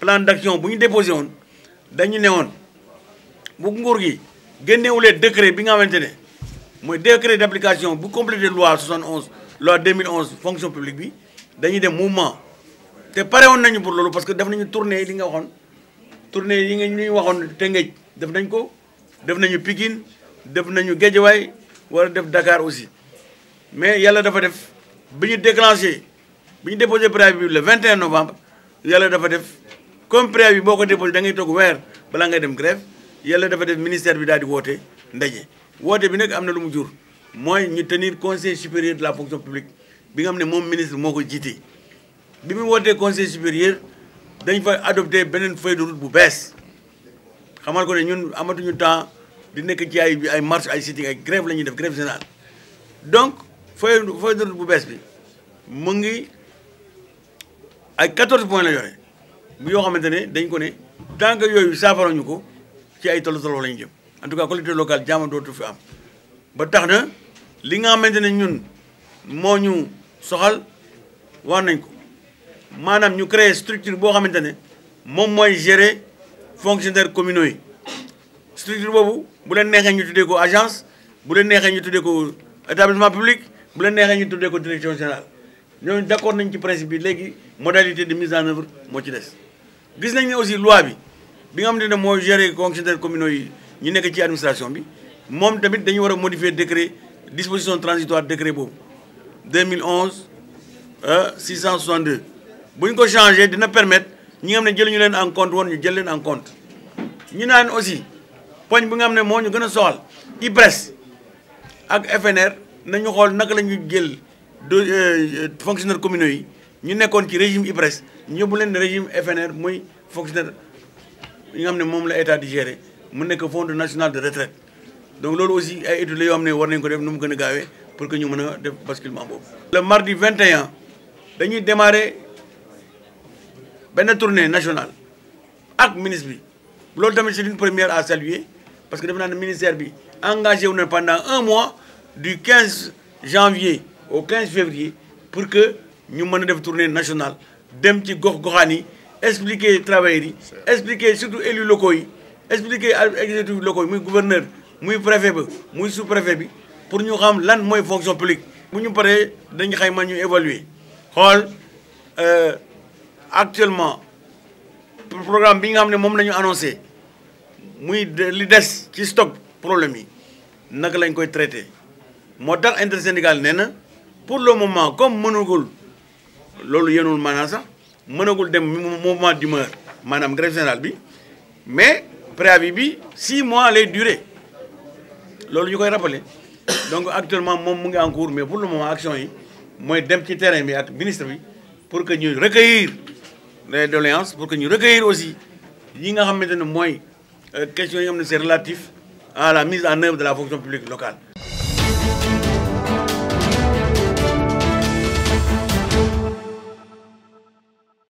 plan d'action bu ñu déposé woon dañu nee woon bu nguur gi génnewulee décret bi nga xamante ne mooy décret d'application bu complété loi 71 loi 2011 fonction publique bi dañuy dem mouvement te pare woon nañu pour loolu parce que def nañu tournée li nga waxoon tournée yi nga ñu waxoon Tëngéej def nañ ko def nañu Pikine def nañu Guédiawaye war a def Dakar aussi mais yàlla dafa def bi ñu déclenché bi ñu déposé préavis bi le 21 novembre yàlla dafa def comme préavis bi boo déposé da ngay tok wèr bala ngay dem grève yalla dafa def ministère bi daal di woote ndaje woté bi nak amna lu mu jur moy ñu tenir conseil supérieur de la fonction publique bi nga xam mom ministre moko ko bi mu woté conseil supérieur dañ fa adopter benen feuille de route bu bess xamal ko né ñun amatuñu temps di nekk ci ay ay marche ay sitting ay grève lañu def grève générale donc feuille feuille de route bu bess bi mu ngi ay 14 points la yore yoo xamante ne dañ ko ne tant que yooyu saafara ñu ko ci ay tolo tolo lañu jëm en tout cas collectivité locale jaama dootu fi am ba tax na li nga xamante ne ñun moo ñu soxal wax nañ ko maanaam ñu créer structure boo xamante ne moom mooy gérer fonctionnaire communaux structure boobu bu leen neexee ñu tuddee ko agence bu leen neexee ñu tuddee ko établissement public bu leen neexee ñu tuddee ko direction générale ñooñu d'accord nañ ci principe bi léegi modalité de mise en œuvre moo ci des gis nañ ne aussi loi bi bi nga xamante ne mooy gérer fonctionnaires communaux yi ñu nekk ci administration bi moom tamit dañu war a modifier décret disposition transitoire décret boobu 2011 662 euh, bu ñu ko changé dina permettre ñi nga xam ne jëluñu leen en compte woon ñu jël leen en compte ñu naan aussi poñ bi nga xam ne moo ñu gën a soxal IPRES ak FNR nañu xool naka la ñu jël euh, euh, fonctionnaires communaux yi ñu nekkoon ci régime IPRES nous que le régime FNR muy fonctionnaire qui avons l'État état le national de retraite donc loolu aussi ay études fait pour que nous puissions faire def basculement le mardi 21 nous avons démarré une tournée nationale avec le ministre bi c'est une première à saluer parce que le ministre s'est ministère engagé pendant un mois du 15 janvier au 15 février pour que nous puissions faire def tournée nationale dem ci gox goxaan expliquer travail yi expliquer surtout élus locaux yi expliquer exécutifs locaux yi muy gouverneur muy préfet ba muy sous préfet bi pour ñu xam lan mooy fonction publique bu ñu paree dañu xayma ñu évaluer xool euh, actuellement programme bi nga xam ne moom la ñu annoncé muy li des ci stock problème yi naka lañ koy traité moo tax intersyndical nee pour le moment comme mënagul lolu yenul maanaam sax le dem mouvement d'humeur Mme grève générale bi mais préavis bi six mois lay durer que ñukoy rappelé. rappeler donc actuellement mom mu ngi en cours mais pour le moment action yi moy dem ci terrain bi ak ministre bi pour que nous recueillir les doléances pour que nous recueillir aussi yi nga relatives moy euh, question yi relatif à la mise en œuvre de la fonction publique locale